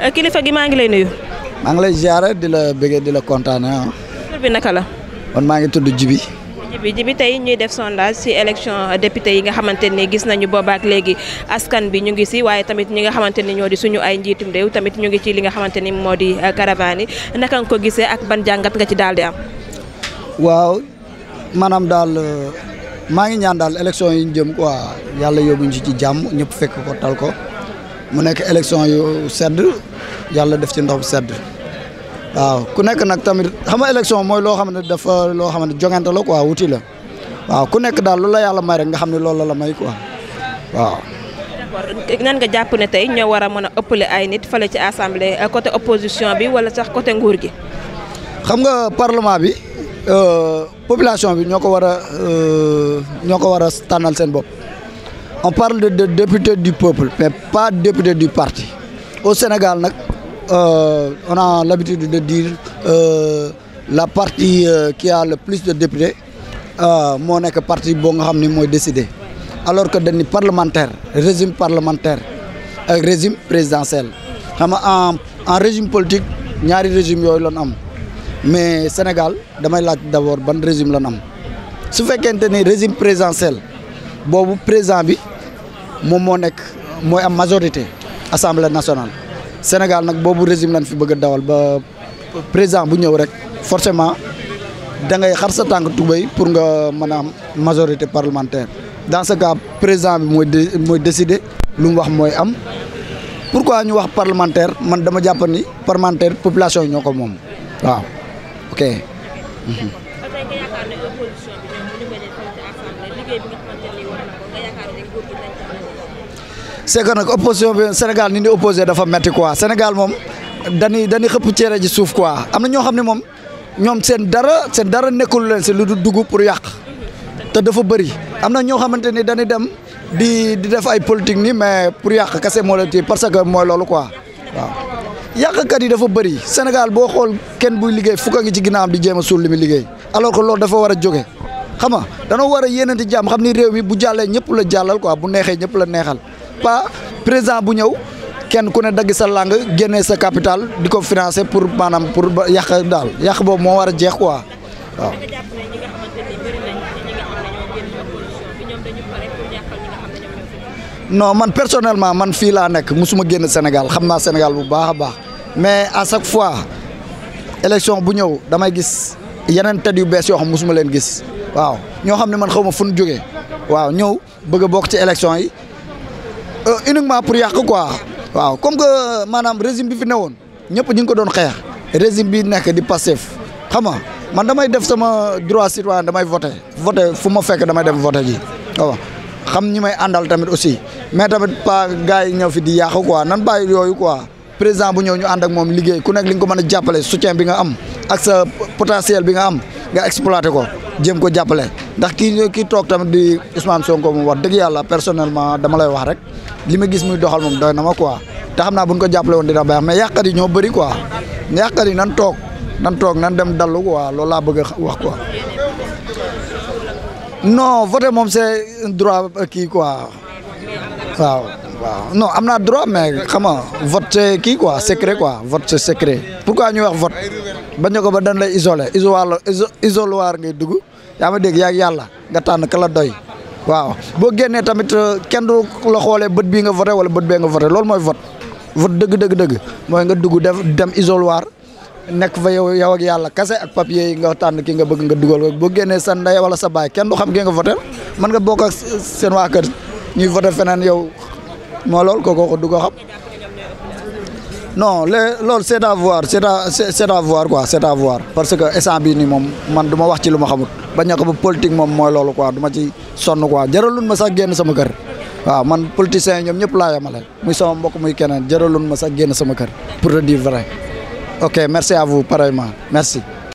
Euh, kilifa gi maa ngi lay nuyu. maa ngi lay ziare di la bëggee di la kontaane ah. bi naka la. man maa ngi tudd Jibi. Jibi Jibi tey ñuy def sondage ci élection député yi nga xamante ni gis nañu boobaak léegi askan bi ñu ngi si waaye tamit ñi nga xamante ni ñoo di suñu ay njiitum réew tamit ñu ngi ci li nga xamante ni moo di euh, caravane yi naka nga ko gisee ak ban jàngat nga ci daal di am. waaw maanaam daal euh, maa ngi ñaan daal élection yi ñu jëm quoi yàlla yóbbuñ ci ci jàmm ñëpp fekk ko tal ko. mu nekk élection yu sedd yàlla def ci ndox bu sedd waaw ku nekk nag tamit xam nga élection mooy loo xam ne dafa loo xam ne jongante la quoi wuti la waaw ku nekk daal lu la yàlla may rek nga xam ne loolu la may quoi waaw. nan nga jàpp ne tey ñoo war a mën a ëppale ay nit fale ci assemblée euh, côté opposition bi wala sax côté nguur gi. xam nga parlement bi euh, population bi ñoo ko war a euh, ñoo ko war a tànnal seen bopp. on parle de, de député du peuple mais pas député du parti au Sénégal nag euh, on a l'habitude de dire euh, la partie euh, qui a le plus de députés euh, moo nekk parti boo nga xam ni mooy décidé alors que dañu parlementaire régime parlementaire ak régime présidentiel xam nga en en régime politique ñaari régime yooyu lan am mais Sénégal damay laaj d'abord ban régime lan am su fekkente ni régime présidentiel boobu président bi moom moo nekk mooy am majorité assemblée nationale Sénégal nag boobu régime lan fi bëgg a dawal ba président bu ñëw rek forcément da ngay xar sa tànk tubéy pour nga mën a am majorité parlementaire dans ce cas président bi mooy mooy décider lu mu wax mooy am pour pourquoi ñu wax parlementaire man dama jàpp ni parlementaire population yi ñoo ko moom waaw mhm. opposition nag opposition bi Sénégal ni ñu opposé dafa metti quoi Sénégal moom dañuy dañuy xëpp cere ji suuf quoi am na ñoo xam ne moom ñoom seen dara seen dara nekkul leen si lu du dugg pour yàq te dafa bëri am na ñoo xamante ni dañuy dem di di def ay politique ni mais pour yàq kese moo leen téye parce que mooy loolu quoi waaw. yàqkat yi dafa bëri Sénégal boo xool kenn buy liggéey fukk a ngi ci ginnaawam di jéem a suul li muy liggéey alors que loolu dafa war a jóge xam nga danoo war a yéenante jàmm xam ni réew mi bu jàllee ñëpp la jàllal quoi bu neexee ñëpp la neexal pas président bu ñëw kenn ku ne dagg sa làng génnee sa capital di ko financer pour maanaam pour yàq daal yàq boobu moo war a jeex ko waaw. non man personnellement man fii laa nekk musuma génn Sénégal xam naa Sénégal bu baax a baax. mais à chaque fois élection bu ñëw damay gis yeneen tët yu bees yoo xam musuma leen gis waaw ñoo xam ne man xaw ma fu nu jógee waaw ñëw bëgga bokk ci élection yi euh, uniquement pour yàq quoi waaw comme que maanaam résime bi fi ne woon ñëpp ñu ngi ko doon xeex régime bi nekk di passif xam nga man damay def sama droit citoyen damay voté voté fu ma fekk damay dem voté ji waaw xam ñi may àndal tamit aussi mais tamit pas gars yi ñëw fi di yàq quoi nan bàyyi yooyu quoi président bu ñëw ñu ànd ak moom liggéey ku nekk li nga ko mën a jàppale soutien bi nga am ak sa bi nga am nga exploité ko jéem ko jàppale ndax kii kii toog tamit di Ousmane ko moom wax dëgg yàlla personnellement dama lay wax rek li ma gis muy doxal moom doy nama ma quoi te xam naa bu ko jàppale woon dina baax mais yàqat ñoo bari quoi yàqat yi nan toog nan toog nan dem dallu quoi loolu laa bëgg wax quoi. non voter moom c'est un droit kii quoi waaw. waaw non am na droit mais xam nga vote kii quoi secret quoi vote c'est secret pourquoi ñuy wax vote bañ ñu ko ba dañ lay isolé isoloir isoloir ngay dugg yaa ma dégg yaa yàlla nga tànn ka la doy waaw boo génnee tamit euh, kenn du la xoolee bët bii nga voté wala bët bee nga voté loolu mooy vote vote dëgg dëgg dëgg mooy nga dugg def dem isoloir nekk fa yow yow ak yàlla kase ak papier yi nga tànn ki nga bëgg nga dugal boo génnee sa ndey wala sa baay kenn du xam ki nga voté mën nga bokk ak seen waa kër ñuy voté feneen yow. moo loolu kooku du ko xam non le loolu c'est à voir c'est à c'est voir parce que instant bii nii moom man du wax ci lu ma xamul bañ a ko ba politique moom mooy loolu quoi du ci sonn quoi jaralun ma sax génn sama kër waaw man politiciens ñoom ñëpp laa yemale muy sama mbokk muy keneen jaralun ma sax génn sama kër pour te dire vrai ok merci à vous pareillement merci